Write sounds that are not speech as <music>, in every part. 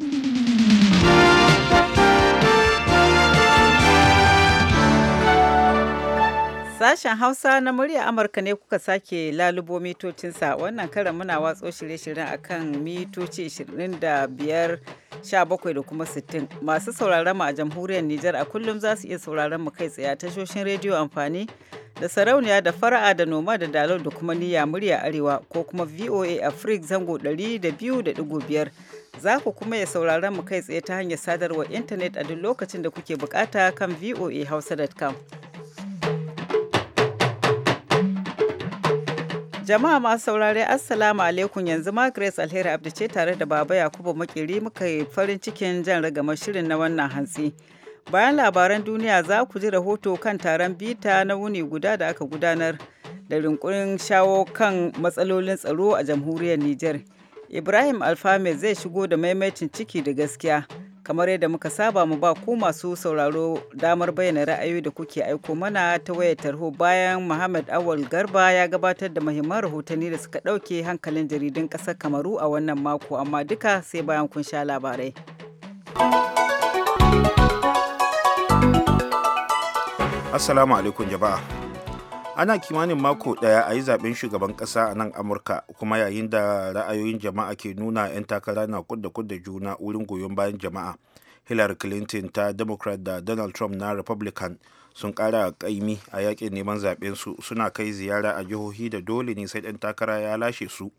Thank <laughs> you. Sashen Hausa na murya Amurka ne kuka sake lalubo mitocinsa wannan karan muna watso shirye-shiryen kan mitoci 25 17 da kuma 60 masu sauraron mu a jamhuriyar Nijar a kullum za su iya sauraron mu kai tsaye tashoshin rediyo amfani da sarauniya da fara'a da noma da dalau da kuma niyya murya arewa ko kuma VOA Africa zango 200.5 za ku kuma ya sauraron mu kai tsaye ta hanyar sadarwar intanet a duk lokacin da kuke bukata kan voahausa.com. Jama'a masu saurare Assalamu alaikum yanzu ma Grace Alheri abdu ce tare da Baba Yakubu Makiri muka yi farin cikin jan ragama shirin na wannan hantsi. Bayan labaran duniya za ku ji rahoto kan taron bita na wuni guda da aka gudanar da rinkurin shawo kan matsalolin tsaro a jamhuriyar Nijar. Ibrahim Alfame zai shigo da maimaitin ciki da gaskiya. kamar yadda muka saba mu ba ku masu sauraro damar bayyana ra'ayoyi da kuke aiko mana ta wayar tarho bayan Muhammad Awal Garba ya gabatar da muhimman rahotanni da suka ɗauke hankalin jaridun ƙasar Kamaru a wannan mako amma duka sai bayan kun sha labarai. Assalamu alaikum jama'a. ana kimanin mako daya a yi zaben shugaban kasa a nan amurka kuma yayin da ra'ayoyin jama'a ke nuna 'yan takara na kudda kudda juna wurin goyon bayan jama'a hillary clinton ta democrat da donald trump na republican sun kara kaimi a yakin neman zaben su suna kai ziyara a jihohi da dole ne sai ɗan takara ya lashe su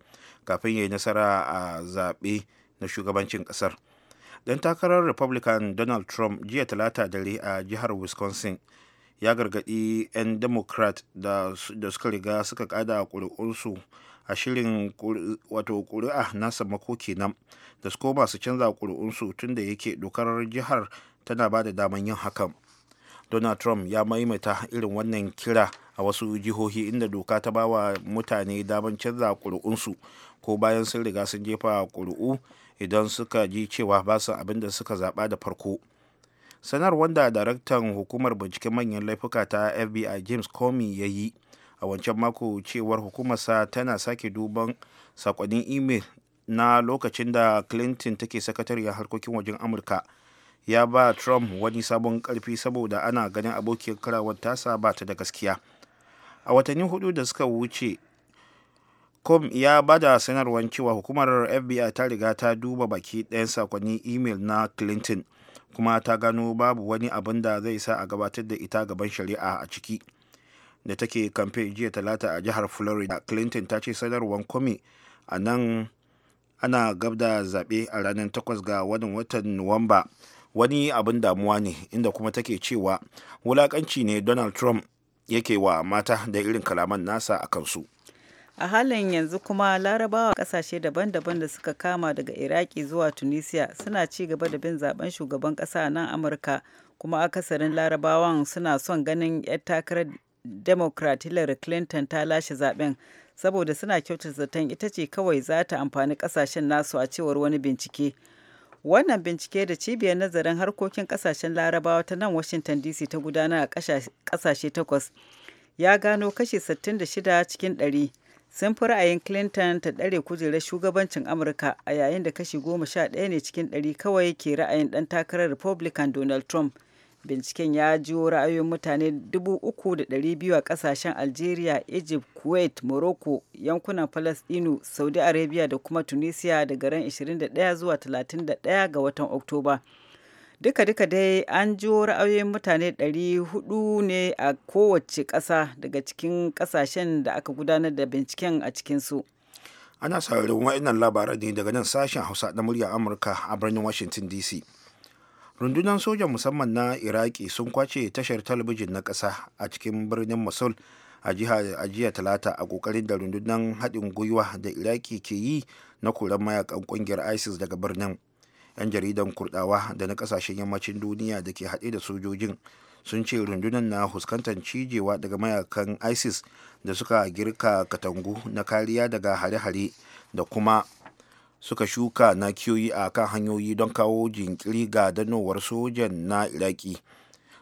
kafin ya yi nasara a zaɓe na shugabancin ƙasar ɗan takarar republican donald trump jiya talata dare a jihar wisconsin ya gargaɗi 'yan democrat da suka riga suka kada ƙuri'unsu a shirin wato ƙuri'a nasa mako kenan da su koma su canza ƙuri'unsu tun da yake dokar jihar tana ba da daman yin hakan donald trump ya maimaita irin wannan kira a wasu jihohi inda doka ta bawa mutane daman canza ƙuri'unsu ko bayan sun riga sun jefa ƙuri'u idan suka ji cewa ba su abin da suka zaɓa da farko sanarwar da daraktan hukumar binciken manyan laifuka ta fbi james comey ya yi a wancan mako cewar hukumarsa tana sake duban sakonnin imel na lokacin da clinton take sakatariyar harkokin wajen amurka ya ba trump wani sabon karfi saboda ana ganin abokin karawar tasa ba ta da gaskiya a watanni hudu da suka wuce com ya ba da sanarwar cewa hukumar fbi ta riga ta duba baki ɗayan sakonnin imel na clinton kuma ta gano babu wani abin da zai sa a gabatar da ita gaban shari'a a ciki da take kamfe jiya talata a jihar florida clinton ta ce sanarwar kwami a nan ana gab da zaɓe a ranar 8 ga watan watan nuwamba wani abin damuwa ne inda kuma take cewa wulakanci ne donald trump yake wa mata da irin kalaman nasa a kansu a halin yanzu kuma larabawa kasashe daban-daban da suka kama daga iraki zuwa tunisia suna ci gaba da bin zaben shugaban kasa nan amurka kuma akasarin larabawan suna son ganin 'yar takarar democrat hillary clinton ta lashe zaben saboda suna kyautar zaton ita ce kawai za ta amfani kasashen nasu a cewar wani bincike wannan bincike da cibiyar nazarin harkokin kasashen larabawa ta nan washington dc ta gudanar a kasashe takwas ya gano kashi 66 cikin 100 sun fi ra'ayin clinton ta ɗare kujerar shugabancin amurka a yayin da kashi goma sha ɗaya ne cikin ɗari kawai ke ra'ayin ɗan takarar republican donald trump binciken ya jiwo ra'ayoyin mutane biyu a ƙasashen algeria egypt kuwait morocco yankunan falasɗinu saudi arabia da kuma tunisia daga ran 21 zuwa 31 ga watan oktoba duka-duka dai an jiwo ra'ayoyin mutane 400 ne a kowace ƙasa daga cikin ƙasashen da aka gudanar da binciken a cikinsu ana sauraron wa'annan labaran ne daga nan sashen hausa na murya amurka a birnin washington dc rundunar sojan musamman na iraki sun kwace tashar talabijin na ƙasa a cikin birnin mosul a jiya talata a kokarin da rundunar haɗin gwiwa da iraki ke yi na koran mayakan ƙungiyar isis daga birnin 'yan jaridan kurɗawa da na ƙasashen yammacin duniya da ke haɗe da sojojin sun ce rundunar na fuskantar cijewa daga mayakan isis da suka girka katangu na kariya daga hare-hare da kuma suka shuka na kiyoyi a kan hanyoyi don kawo jinkiri ga danowar sojan na iraki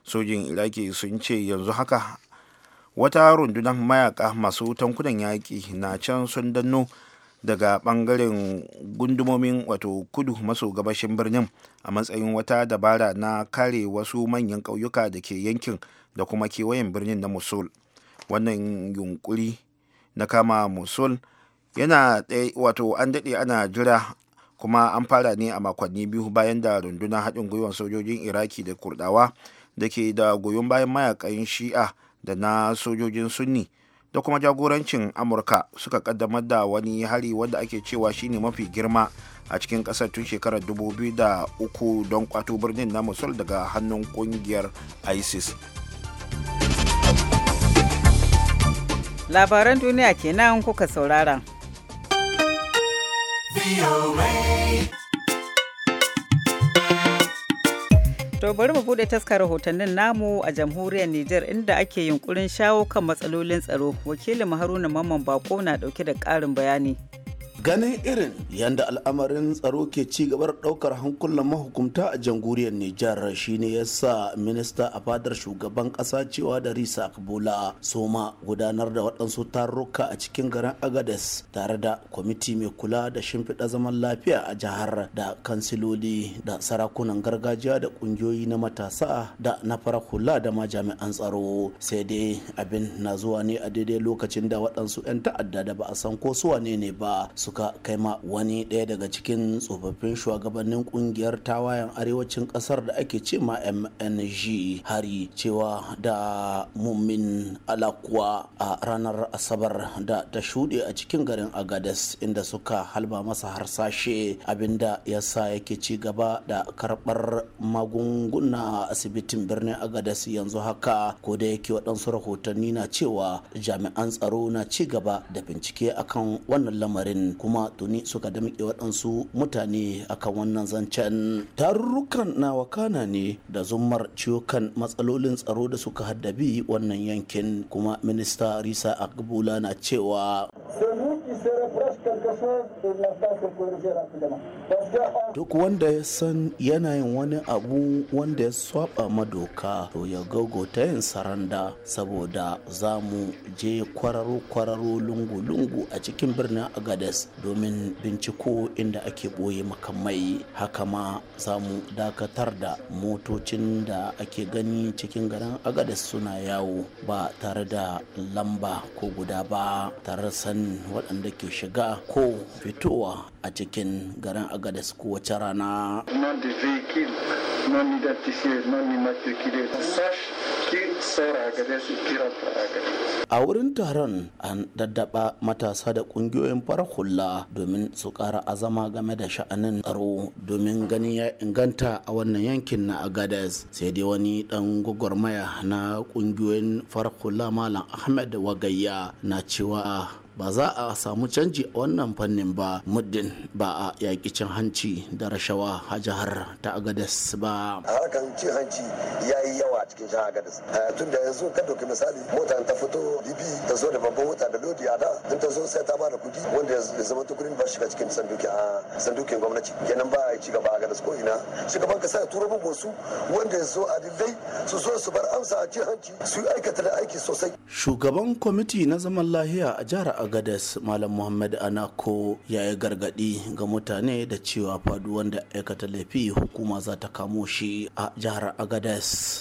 sojin iraki sun ce yanzu haka wata rundunar mayaka masu tankunan yaƙi na can sun danno daga bangaren gundumomin wato kudu maso gabashin birnin a matsayin wata dabara na kare wasu manyan ƙauyuka da ke yankin da kuma kewayen birnin na musul wannan yunkuri na kama mosul yana ɗaya wato an daɗe ana jira kuma an fara ne a makonni biyu bayan da rundunar haɗin gwiwar sojojin iraki da kurdawa da ke da goyon bayan mayakan shi'a da na sojojin sunni da kuma jagorancin amurka suka kaddamar da wani hari wanda ake cewa shine mafi girma a cikin kasar tun shekarar 2003 don kwato birnin na musul daga hannun kungiyar isis labaran duniya kenan kuka saurara. To bari mu bude taskar rahotannin namu a jamhuriyar Nijar inda ake yunkurin shawo kan matsalolin tsaro. Wakilin Haruna Mamman Bako na dauke da ƙarin bayani. ganin irin yadda al'amarin tsaro ke ci gabar daukar hankulan mahukumta a jamhuriyar nijar shine ya sa minista a fadar shugaban kasa cewa da risa bola soma gudanar da waɗansu tarurruka a cikin garin agades tare da kwamiti mai kula da shimfiɗa zaman lafiya a jihar da kansiloli da sarakunan gargajiya da ƙungiyoyi na matasa da na fara kula da ma jami'an tsaro sai dai abin na zuwa ne a daidai lokacin da waɗansu 'yan ta'adda da ba a san ko su wane ne ba su suka ma wani ɗaya daga cikin tsofaffin shugabannin kungiyar tawayen arewacin ƙasar da ake ce ma mng hari cewa da mummin alakuwa a ranar asabar da ta shuɗe a cikin garin agades inda suka halba masa harsashe abinda ya sa yake ci gaba da karɓar magunguna a asibitin birnin agades yanzu haka ko da yake waɗansu rahotanni na cewa jami'an tsaro na ci gaba da bincike akan wannan lamarin kuma tuni suka damƙe waɗansu mutane akan wannan zancen tarurrukan na wakana ne da zummar ciwukan matsalolin tsaro da suka haddabi wannan yankin kuma minista risa agbula na cewa Duk wanda ya san yanayin wani abu wanda ya swaba madoka to ya ta yin saranda saboda za mu je kwararo-kwararo lungu-lungu a cikin birnin Agades domin binciko inda ake ɓoye makamai haka ma za mu dakatar da motocin da ake gani cikin garin Agades suna yawo ba tare da lamba ko guda ba tare san waɗanda ke shiga ko fitowa a cikin garin agadas kowace rana a wurin taron an daddaba matasa da kungiyoyin fara hula domin su kara azama game da sha'anin tsaro domin ganin ya inganta a wannan yankin na agadez sai dai wani dan gwagwarmaya na kungiyoyin fara hula malam ahmed wagayya na cewa ba za a samu canji a wannan fannin ba muddin ba a yaƙi cin hanci da rashawa a jihar ta agadas ba harkar cin hanci ya yi yawa a cikin jihar agadas eh, tun da yanzu ka doki misali mota ta fito bibi ta zo da babban wuta da lodi a da in ta zo sai ta ba da kudi wanda ya zama tukurin ba shiga cikin sanduki a sandukin gwamnati kenan ba a ci cigaba a agadas ko ina shugaban kasa ya turo bugun su wanda ya zo a dillai su zo su bar amsa a cin hanci su aikata da aiki sosai shugaban kwamiti na zaman lahiya a jihar agadas malam muhammad anako ya yi gargadi ga mutane da cewa faduwan da aikata laifi hukuma za ta kamo shi a jihar agadas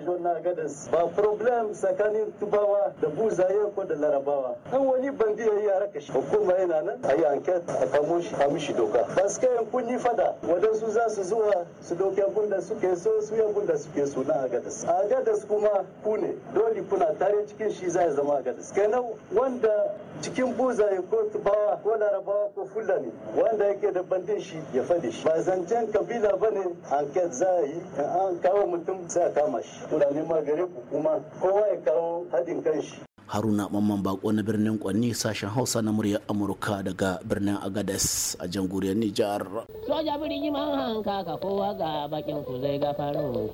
zo na gadas ba problem tsakanin tubawa da buzaye ko da larabawa an wani bandi ya yi ya raka shi hukuma yana nan a yi anket a kamo shi a mishi doka baske yan kun yi fada wadansu za su zuwa su doke da suke so su yankun da suke so na a agadas kuma ku ne dole kuna tare cikin shi zai zama agadas kenan wanda cikin buzaye ko tubawa ko larabawa ko fulani wanda yake da bandin shi ya fadi shi ba zancen kabila ba ne anket za a yi an kawo mutum sai a kama shi tunanin ma kuma kowa ya kawo haɗin shi. haruna mamman bako na birnin kwanni sashen hausa na murya amurka daga birnin agades a jamhuriyar nijar soja birni man hanka ka kowa ga bakin ku zai ga farin ku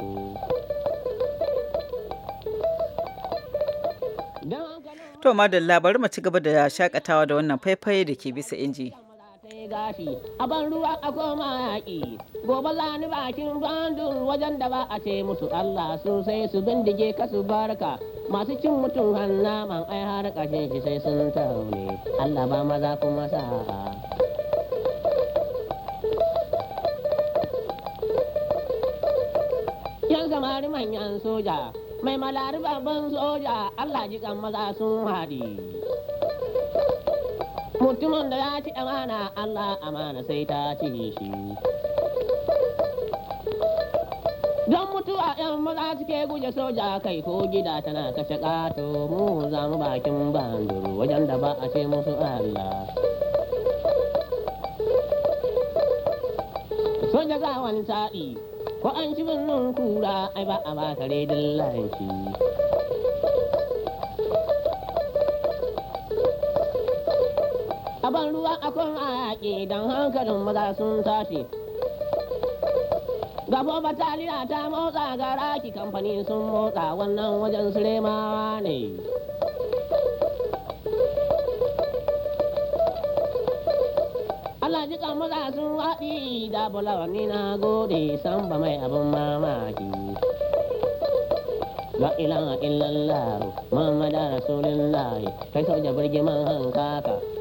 to madalla bari mu ci gaba da shakatawa da wannan faifai da ke bisa inji sai gashi ban ruwa a koma yaƙi gobe lani bakin bandun wajen da ba a ce musu Allah su sai su bindige ka su barka masu cin mutum hanna man ai har ƙashin shi sai sun taune Allah ba maza kuma sa'a yan samari manyan soja mai malari babban soja Allah kan maza sun haɗi mutumin da ya ci amana Allah amana sai ta ci shi don mutuwa yan maza suke guje soja kai ko gida tana kashe ƙato mu za mu bakin banduru wajen da ba a ce musu Allah soja za wani ko an ci birnin kura ai ba a ba kare dillanci kan ruwa akon don hankalin maza sun tashi gabo bataliya ta motsa ga raki kamfani sun motsa wannan wajen siremawa ne Allah jikan maza sun waɗi da bulawani na gode san ba mai abin mamaki la ilaha illallah muhammadu rasulullah kai soja birgiman hankaka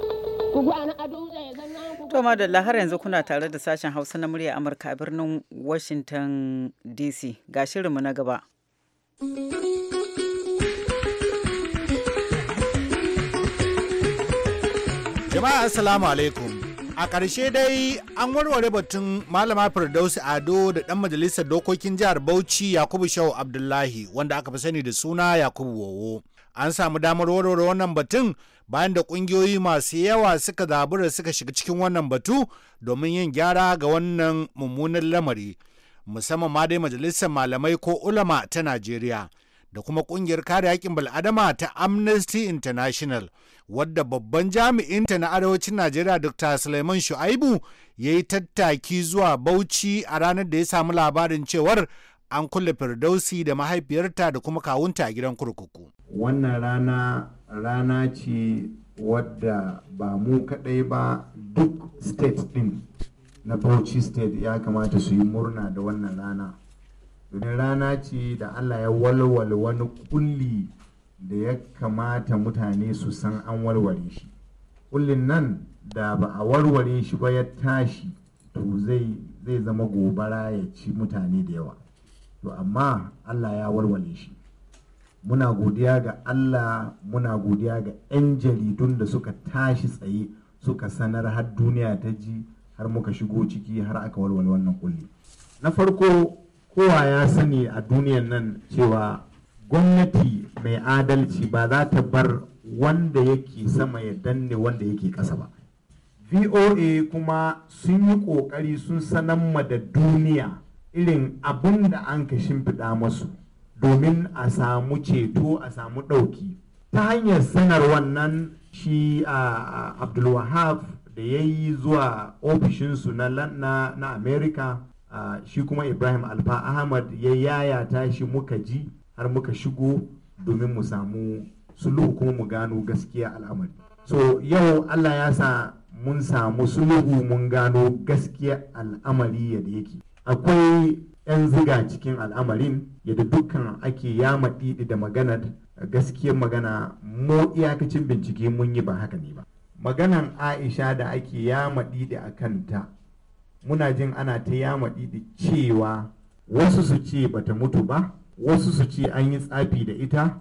To madalla har yanzu kuna tare da sashen Hausa na murya Amurka a birnin Washington DC ga shirinmu na gaba. Jama'a Assalamu alaikum. A ƙarshe dai an warware batun Malama Firdausi Ado da ɗan majalisar dokokin jihar Bauchi Yakubu shau Abdullahi wanda aka fi sani da suna Yakubu Wowo. An samu damar warware wannan batun bayan da ƙungiyoyi masu yawa suka zabura suka shiga cikin wannan batu domin yin gyara ga wannan mummunan lamari musamman ma dai majalisar malamai ko ulama ta najeriya da kuma ƙungiyar kare haƙƙin bal'adama ta amnesty international wadda babban jami'inta na arewacin najeriya dr suleiman shu'aibu ya yi tattaki zuwa bauchi a ranar da ya samu labarin cewar an kulle firdausi da mahaifiyarta da kuma kawunta a gidan kurkuku wannan rana rana ce wadda ba mu kaɗai ba duk state din na bauchi state ya kamata su yi murna da wannan rana domin rana ce da allah ya walwal wani kulli da ya kamata mutane su san an warware shi kullin nan da ba a warware shi ba ya tashi to zai zama gobara ya ci mutane da yawa to amma Allah ya warware shi muna godiya ga Allah muna godiya ga 'yan jaridun da suka tashi tsaye suka sanar har duniya ta ji har muka shigo ciki har aka warware wannan kulli na farko kowa ya sani a duniyan nan cewa gwamnati mai adalci ba za ta bar wanda yake sama ya danne wanda yake ƙasa ba voa kuma sun yi ƙoƙari sun sanar da duniya irin abin da an ka shimfiɗa masu domin a samu ceto a samu ɗauki ta hanyar sanar wannan shi a abdulwahab da ya yi zuwa ofishinsu na, na, na america shi kuma ibrahim alfa ahmad ya yayata shi muka ji har muka shigo domin mu samu sulhu kuma mu gano gaskiya al'amari so yau allah ya sa mun samu sulhu mun gano gaskiya al'amari yadda yake akwai 'yan ziga cikin al'amarin yadda dukkan ake yama ɗiɗi da maganar gaskiyar magana mu iyakacin bincike mun yi ba haka ne ba maganan aisha da ake yama ɗiɗi a kanta muna jin ana ta yama ɗiɗi cewa wasu su ce bata mutu ba wasu su ce an yi tsafi da ita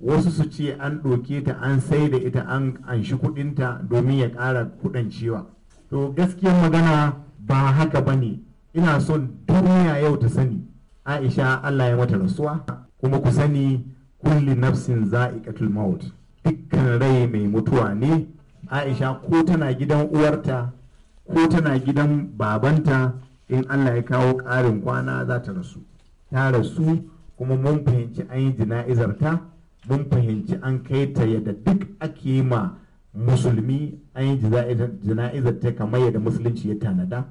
wasu su ce an ɗoke ta an sai da ita an anshi kuɗinta domin ya ƙara kuɗancewa to gaskiyar magana ba haka ba ne ina son duniya yau ta sani aisha allah ya mata rasuwa kuma ku sani kulli nafsin za'iqatul maut dukkan rai mai mutuwa ne aisha ko tana gidan uwarta ko tana gidan babanta in allah ya kawo ƙarin kwana za ta rasu ta rasu kuma mun fahimci an yi jana'izar mun fahimci an kai ta yadda duk ake ma musulmi an yi jana'izar kamar yadda musulunci ya tanada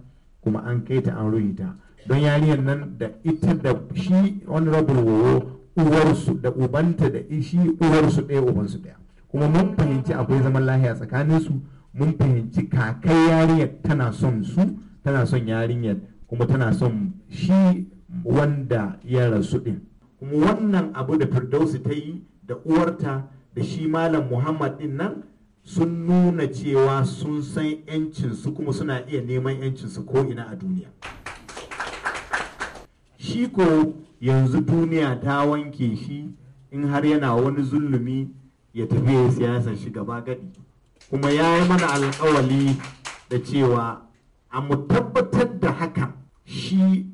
kuma an kai ta an rubuta don yariyar nan da ita da shi honorable wowo uwarsu da ubanta da shi uwarsu ɗaya ubansu ɗaya kuma mun fahimci akwai zaman lahiya tsakanin su mun fahimci kakai yarinyar tana son su tana son yarinyar kuma tana son shi wanda ya rasu ɗin kuma wannan abu da firdausi ta yi da uwarta da shi malam muhammad ɗin nan sun nuna cewa sun san 'yancinsu kuma suna iya neman 'yancinsu ko ina a duniya shi ko yanzu duniya ta wanke shi in har yana wani zulumi ya tafi ya siyasar shi gaba gadi kuma ya yi mana alkawali da cewa a mu tabbatar da haka shi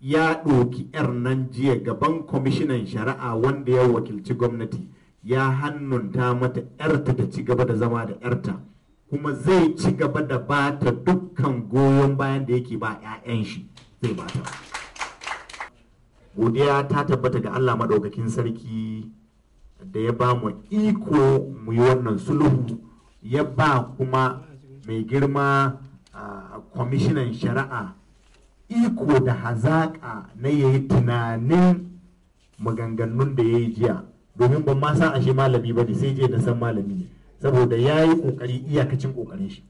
ya ɗoki 'yar nan jiya gaban kwamishinan shari'a wanda ya wakilci gwamnati ya hannunta mata ‘yarta ta ci gaba da zama da ‘yarta kuma zai ci gaba da ba ta dukkan goyon bayan da yake ba ‘ya'yan shi zai ba ta. Godiya ta tabbata ga Allah maɗaukakin sarki da ya ba mu iko mu yi wannan sulhu ya ba kuma mai girma kwamishinan shari'a iko da hazaƙa na yayi tunanin maganganun da ya yi jiya. domin ban ma san ashe malami ba ne sai je na san malami ne saboda ya yi kokari iyakacin kokarin shi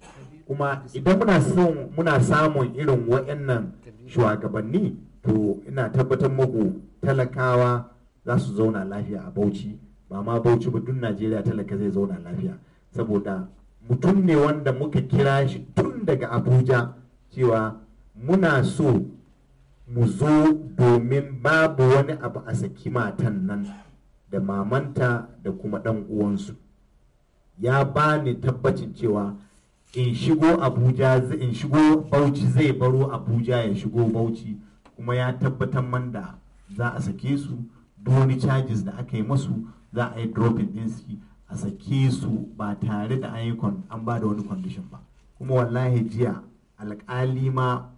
kuma idan muna son muna samun irin wa'annan shugabanni to ina tabbatar muku talakawa za su zauna lafiya a bauchi ba ma bauchi ba duk najeriya talaka zai zauna lafiya saboda mutum ne wanda muka kira shi tun daga abuja cewa muna so mu zo domin babu wani abu a saki matan nan da mamanta da kuma ɗan uwansu ya ba ni tabbacin cewa in shigo abuja in shigo bauchi zai baro abuja ya shigo bauchi kuma ya tabbatar man da za a sake su wani charges da aka yi masu za a yi dropping in su a sake su ba tare da ayyukan an ba da wani condition ba kuma wallahi jiya alƙali ma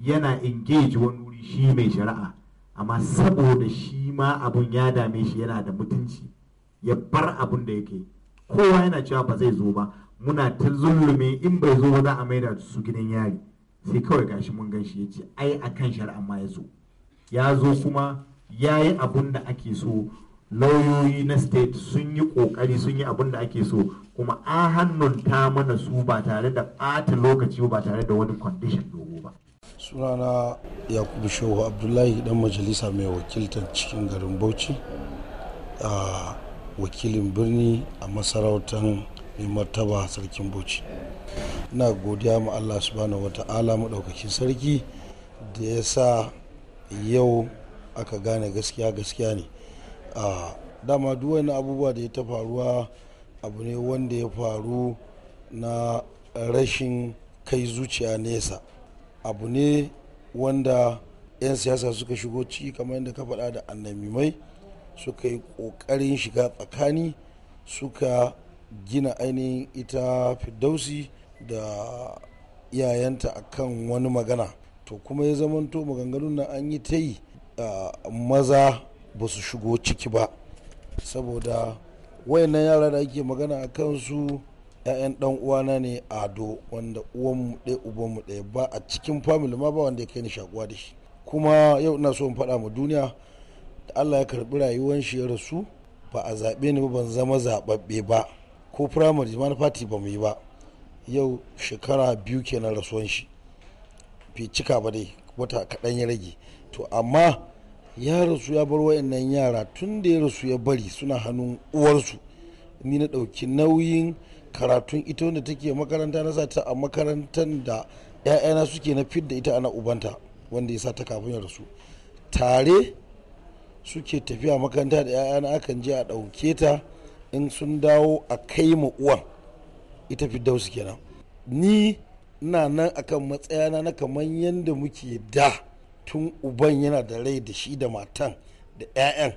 yana engage wani wuri shi mai shari'a amma saboda shi ma abun ya dame shi yana da mutunci ya bar abun da yake kowa yana cewa ba zai zo ba muna ta zulume in bai zo ba za a maida su gidan yari sai kawai gashi mun gan shi ya ce ai akan kan ma ya zo ya zo kuma ya yi abun da ake so lauyoyi na state sun yi kokari sun yi abun da ake so kuma an hannunta mana su ba tare da ɓata lokaci ba tare da wani condition dogo ba sunana yakubu shehu abdullahi dan majalisa mai wakiltar cikin garin bauchi a wakilin birni a masarautar mai martaba sarkin bauchi na godiya ma allah wata wata'ala maɗaukakin sarki da ya sa yau aka gane gaskiya gaskiya ne a dama duwani abubuwa da ya ta faruwa abu ne wanda ya faru na rashin kai zuciya nesa abu ne wanda 'yan siyasa suka shigo ciki kamar yadda ka faɗa da annamimai suka yi ƙoƙarin shiga tsakani suka gina ainihin ita fidausi da iyayenta akan wani magana to kuma ya zamanto maganganun nan an yi ta yi maza ba su shigo ciki ba saboda wayannan yara da ake magana a kansu 'ya'yan dan uwana ne ado wanda uwanmu ɗaya ubanmu ɗaya ba a cikin family ma ba wanda ya kai ni shakuwa da shi kuma yau ina so in faɗa ma duniya da allah ya karɓi rayuwar shi ya rasu ba a zaɓe ni ba ban zama zaɓaɓɓe ba ko firamare ma na fati ba mu yi ba yau shekara biyu kenan rasuwan shi bai cika ba dai wata kaɗan ya rage to amma ya rasu ya bar wa'annan yara tun da ya rasu ya bari suna hannun uwarsu ni na ɗauki nauyin karatun ita wanda take makaranta na sata a makarantar da 'ya'yana suke na fidda ita ana ubanta wanda ya ta kafin ya rasu tare suke tafiya makaranta da 'ya'yana akan je a ɗauke ta in sun dawo a kai ma uwan ita fiddausu kenan ni na nan akan matsayana na kamar yadda muke da tun uban yana da rai da shi da matan da 'ya'yan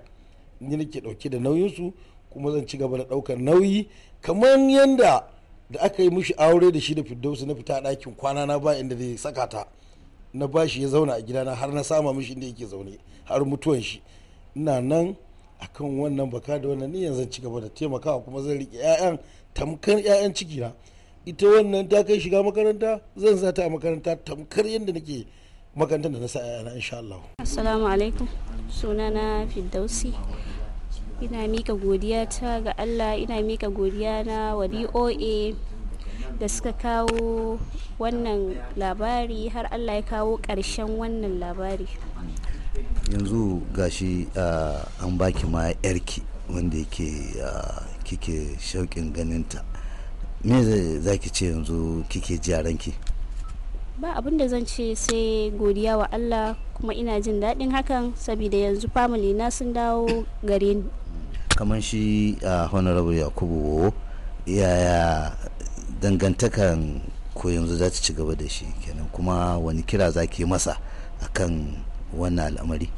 ni nake ɗauke da nauyinsu kuma zan ci gaba da ɗaukar nauyi kamar yadda da aka yi mushi aure da shi da firdausu na fita dakin kwana na ba inda zai saka ta na bashi ya zauna a gidana har na sama mishi inda yake zaune har mutuwan shi ina nan akan wannan baka da wannan ni yanzu ci gaba da taimakawa kuma zan rike ƴaƴan tamkar ƴaƴan ciki na ita wannan ta kai shiga makaranta zan sa ta a makaranta tamkar yadda nake makarantar da na sa ƴaƴana insha Allah assalamu alaikum sunana firdausi ina mika godiya ta ga allah ina mika godiya na wa doa da suka kawo wannan labari har allah ya kawo ƙarshen wannan labari yanzu gashi ah, an baki ma yarki wanda yake ah, kike shauƙin ganinta me za ki ce yanzu kike ji a ranki ba abin da zan ce sai godiya wa allah kuma ina jin daɗin hakan saboda yanzu family na sun dawo gare ni kamar shi a honorable yakubu yaya dangantakan ko yanzu za ta ci gaba da shi kenan kuma wani kira za ke masa akan wannan al'amari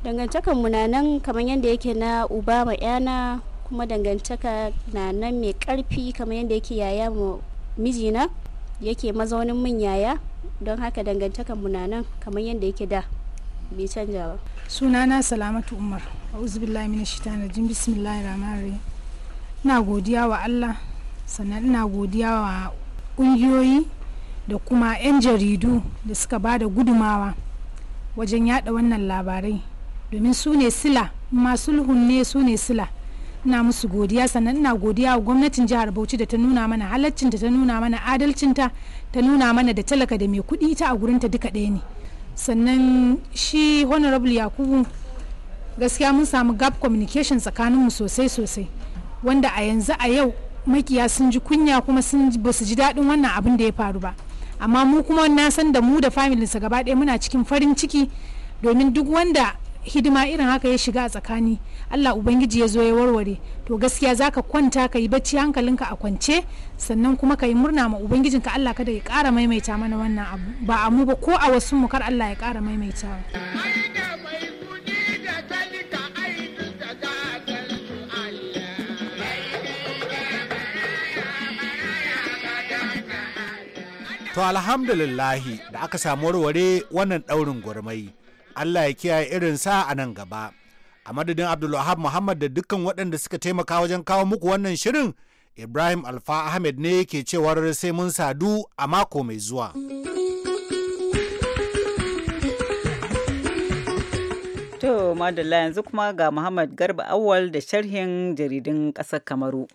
dangantakan mu na nan kamar yadda yake na uba ma yana kuma dangantaka na nan mai karfi kamar yadda yake yaya ma mijina yake mazaunin min yaya don haka dangantakan mu na nan kamar yadda yake da bai canja ba sunana salamatu umar uzubillahi mina shaitanir rajim bismillahir bismillah rahim ina godiya wa Allah sannan ina godiya wa kungiyoyi da kuma 'yan jaridu da suka ba da gudumawa wajen yada wannan labarai domin su ne sila masu ne su ne sila ina musu godiya sannan ina godiya wa gwamnatin jihar bauchi da ta nuna mana halaccinta ta nuna mana adalcinta ta nuna mana da talaka da mai kuɗi ta a gurinta duka ɗaya ne sannan shi honorable yakubu gaskiya mun samu gap communication tsakaninmu sosai sosai wanda a yanzu a yau makiya sun ji kunya kuma sun ba su ji daɗin wannan abin da ya faru ba amma mu kuma na san da mu da familinsa gaba ɗaya muna cikin farin ciki domin duk wanda hidima irin haka ya shiga a tsakani allah ubangiji ya zo ya warware to gaskiya zaka kwanta ka yi bacci hankalinka a kwance sannan kuma ka yi murna ma ubangijinka allah kada ya kara maimaita mana wannan abu ba a mu ba ko a wasu mu kar allah ya kara maimaita To alhamdulillahi da aka samu warware wannan daurin gwarmai Allah ya kiyaye irin sa a nan gaba. A madadin Abdulwahab Muhammad da dukkan waɗanda suka taimaka wajen kawo muku wannan shirin, Ibrahim Alfa Ahmed ne ke cewar sai mun sadu a mako mai zuwa. To, madalla yanzu kuma ga Muhammad Garba Awal da sharhin jaridun ƙasar Kamaru.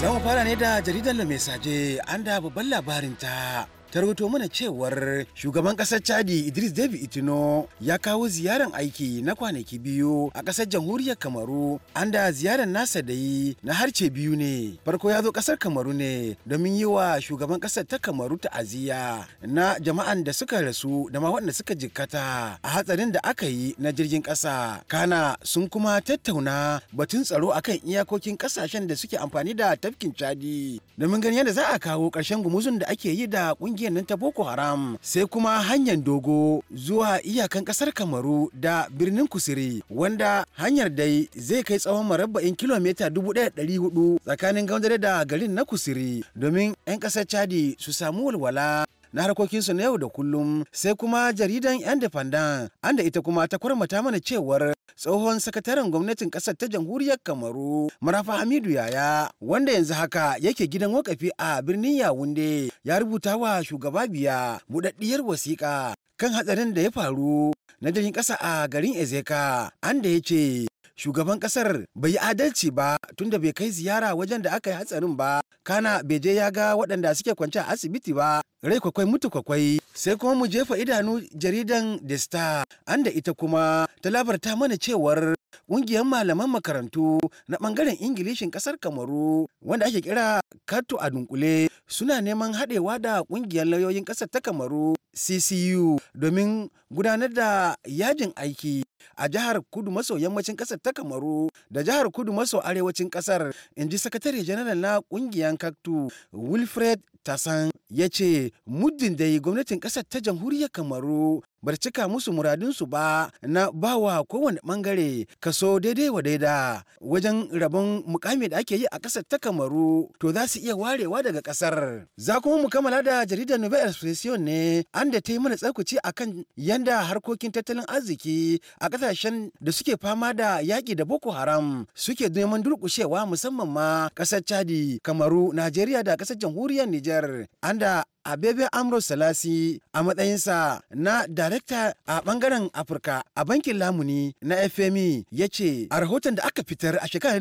Za mu fara ne da jaridar Le an da babban labarin ta ta rubuto mana cewar shugaban kasar Chadi Idris david Itino ya kawo ziyaran aiki na kwanaki biyu a kasar jamhuriyar Kamaru an da ziyarar nasa da yi na harce biyu ne. Farko ya zo kasar Kamaru ne domin yi wa shugaban kasar ta Kamaru ta'aziyya na jama'an da suka rasu da ma waɗanda suka jikkata a hatsarin da aka yi na jirgin ƙasa. Kana sun kuma tattauna batun tsaro akan iyakokin kasashen da suke amfani da tafkin Chadi domin ganin yadda za a kawo ƙarshen gumuzun da ake yi da ƙungiyar kungiyar nan ta boko haram sai kuma hanyar dogo zuwa iyakan kasar kamaru da birnin kusiri wanda hanyar dai zai kai tsawon marabba'in kilomita 1400 tsakanin gaundare da garin na kusiri domin 'yan kasar chadi su samu walwala na harkokinsu na yau da kullum sai kuma jaridan independent anda ita kuma ta kwarmata mana cewar tsohon sakataren gwamnatin kasar ta jamhuriyar kamaru marafa hamidu yaya wanda yanzu haka yake gidan wakafi a birnin yawunde ya rubuta wa shugaba biya buɗaɗɗiyar wasiƙa kan hatsarin da ya faru na jirgin ƙasa a garin ezeka an da ya ce shugaban ƙasar bai yi adalci ba tunda bai kai ziyara wajen da aka yi hatsarin ba kana bai je ya ga waɗanda suke kwance a asibiti ba rai kwakwai mutu kwakwai sai kuma mu jefa idanu jaridan the star an da ita kuma ta labarta mana cewar ƙungiyar malaman makarantu na ɓangaren ingilishin ƙasar kamaru wanda ake kira kato a dunkule suna neman haɗewa da ƙungiyar lauyoyin ƙasar ta kamaru ccu domin gudanar da yajin aiki a jihar kudu maso yammacin ƙasar ta kamaru da jihar kudu maso arewacin ƙasar in ji sakatare janaral na ƙungiyar kaktu wilfred tasan ya ce muddin da yi gwamnatin ƙasar ta jamhuriyar kamaru bar cika musu muradinsu ba na bawa kowane bangare kaso daidai wa daida wajen rabon mukami da ake yi a ƙasar ta kamaru to za su iya warewa daga ƙasar za kuma mu kammala da jaridar nouvelle expression ne an da ta yi mana a kan yanda harkokin tattalin arziki a ƙasashen da suke fama da yaƙi da boko haram suke neman durƙushewa musamman ma ƙasar chadi kamaru najeriya da ƙasar jamhuriyar Nijar. an da A Abebe Amro Salasi a matsayinsa na darekta a bangaren Afirka a bankin lamuni na FMI e ya ce a rahoton da aka fitar a shekarar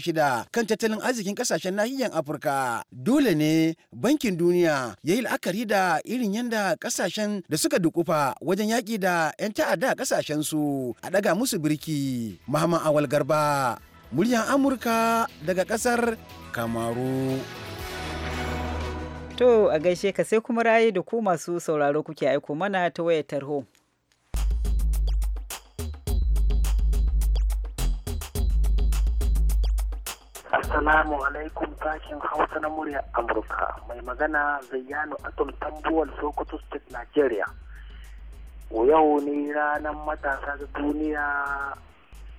shida kan tattalin arzikin kasashen nahiyar Afirka dole ne bankin duniya ya yi la'akari da irin yadda kasashen da suka dukufa wajen yaƙi da 'yan ta'adda a kasashen su a daga musu birki. Muhammad Awal Garba, muryar Amurka daga ƙasar Kamaru. To a gaishe ka sai kuma rayu da ku masu sauraro kuke aiko mana ta wayar tarho. Assalamu alaikum sashen Hausa na murya Amurka mai magana Zayyano Atul Tambuwal Sokoto State Nigeria. Yau ne ranar matasa ta duniya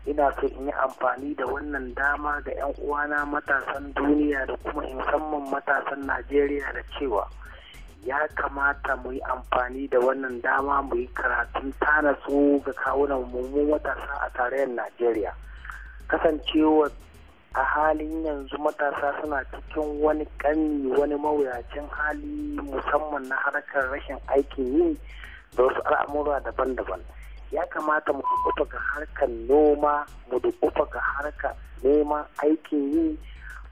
ina so in yi amfani da wannan dama ga 'yan uwana matasan duniya da kuma musamman matasan najeriya da cewa ya kamata mu yi amfani da wannan dama mu yi karatun tana so ga kawunan mummun matasa a tarayyar najeriya kasancewa a halin yanzu matasa suna cikin wani kanyi wani mawuyacin hali musamman na harkar rashin aikin yi da wasu al'amura daban-daban ya kamata mu dubuta ga harkar noma mu dubuta ga harkar neman aikin yi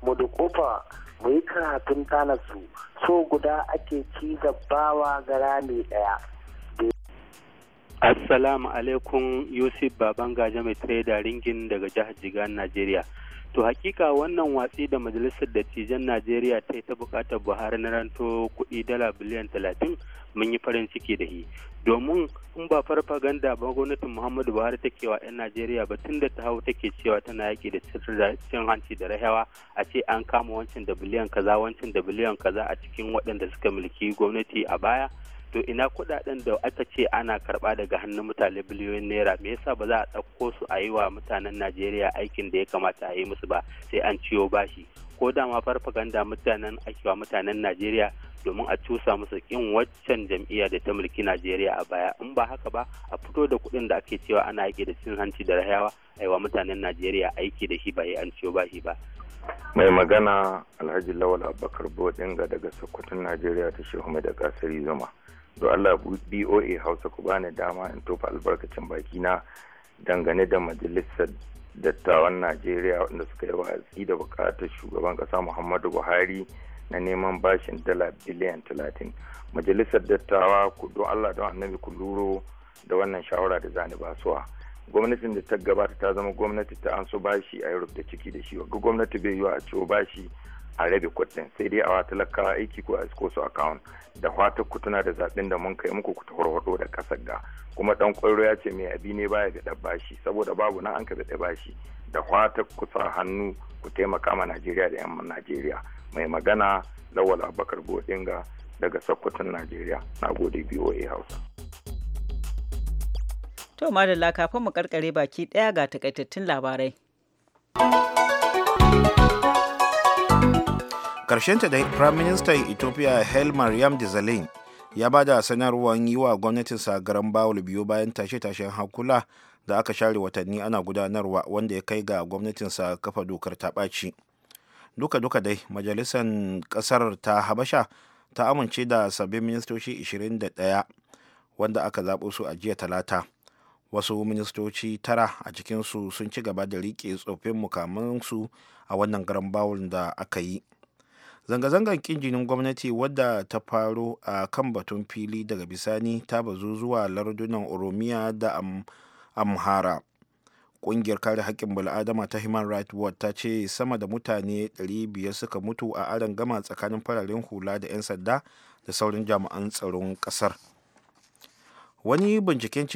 mu dubuta mu yi karatun tanasu so guda ake ci da bawa ga rami daya assalamu alaikum yusuf baban gaja mai da ringin daga jihar jigan najeriya To hakika wannan watsi da Majalisar Dattijan Najeriya ta yi ta bukatar Buhari na ranto kuɗi dala biliyan talatin mun yi farin ciki da shi. Domin in ba farfaganda ba gwamnatin Muhammadu Buhari take wa 'yan Najeriya ba tun da ta hau take cewa tana yaƙi da cin hanci da rahawa a ce an kama wancan da biliyan kaza wancan da biliyan kaza a cikin waɗanda suka mulki gwamnati a baya. to ina kudaden da aka ce ana karba daga hannun mutane biliyoyin naira me yasa ba za a ɗauko su a yi wa mutanen najeriya aikin da ya kamata a yi musu ba sai an ciyo bashi ko da ma farfaganda mutanen ake wa mutanen najeriya domin a cusa musu kin waccan jam'iyya da ta mulki najeriya a baya in ba haka ba a fito da kuɗin da ake cewa ana yake da cin hanci da rayawa a yi wa mutanen najeriya aiki da shi ba yi an ciyo bashi ba mai magana alhaji lawal abubakar bodinga daga sokoton najeriya ta shehu mai da kasari zuma do Allah BOA Hausa ku bani dama in tofa albarkacin baki na dangane da majalisar dattawan Najeriya wanda suka yi wa'azi da bukatar shugaban kasa Muhammadu Buhari na neman bashin dala biliyan talatin majalisar dattawa ku don Allah don annabi ku luro da wannan shawara da zani basuwa gwamnatin da ta gabata ta zama gwamnati ta an so bashi a Europe da ciki da shi Wagga gwamnati bai yiwa a ciwo bashi a rabe kudin sai dai a wata talakawa aiki ko a isko su account da fatan ku tuna da zaɓen da mun kai muku kuta horo da kasar da kuma dan ƙwaro ya ce mai abi ne baya da bashi saboda babu na an ka da bashi da fatan ku hannu ku taimaka ma Najeriya da 'yan Najeriya mai magana Lawal Abubakar Godinga daga Sokoton Najeriya na gode BOA Hausa. To madalla kafin mu karkare baki daya ga takaitattun labarai. ta dai prime minister ethiopia hel mariam dizalin ya ba da sanarwar yi wa gwamnatinsa garan bawul biyu bayan tashe-tashen hakula da aka share watanni ana gudanarwa wanda ya kai ga gwamnatinsa kafa dokar ta baci duka-duka dai majalisar ƙasar ta habasha ta amince da sabbin ministoci 21 wanda aka zaɓo su a jiya talata wasu ministoci tara a cikinsu sun ci gaba da riƙe tsoffin mukamansu a wannan garan bawul da aka yi zanga-zangar kin jinin gwamnati wadda ta faro a kan batun fili daga bisani ta bazu zuwa lardunan oromiya da amhara ƙungiyar kare haƙƙin bala'adama ta human rights watch ta ce sama da mutane 500 suka mutu a aron gama tsakanin fararen hula da 'yan sanda da sauran jami'an tsaron ƙasar. wani binciken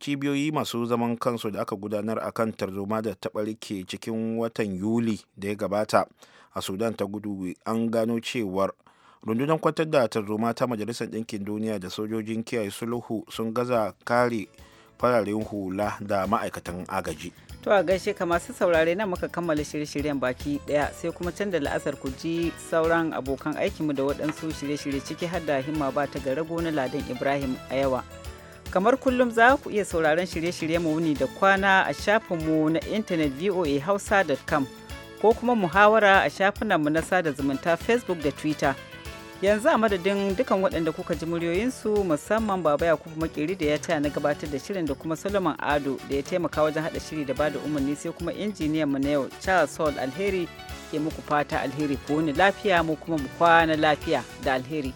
cibiyoyi masu zaman kansu da aka gudanar a kan tarzoma da ta rike cikin watan yuli da ya gabata a sudan ta gudu an gano cewar rundunar kwantar da tarzoma ta majalisar ɗinkin duniya da sojojin kiyaye sulhu sun gaza kare fararen hula da ma'aikatan agaji to a gaishe ka masu saurare na muka kammala shirye-shiryen baki daya sai kuma can da la'asar ku ji sauran abokan aikinmu da waɗansu shirye-shirye ciki har da himma ba ta ga rago na ladan ibrahim a yawa kamar kullum za ku iya sauraron shirye-shirye mu wuni da kwana a shafin mu na intanet voahausa.com ko kuma muhawara a mu na sada zumunta facebook da twitter yanzu a madadin dukan waɗanda kuka ji muryoyinsu musamman baba yakubu makeri da ya taya na gabatar da shirin da kuma solomon ado da ya taimaka wajen haɗa shiri da bada umarni sai kuma injiniyan mu na yau charles hall alheri ke muku fata alheri ko wani lafiya mu kuma mu kwana lafiya da alheri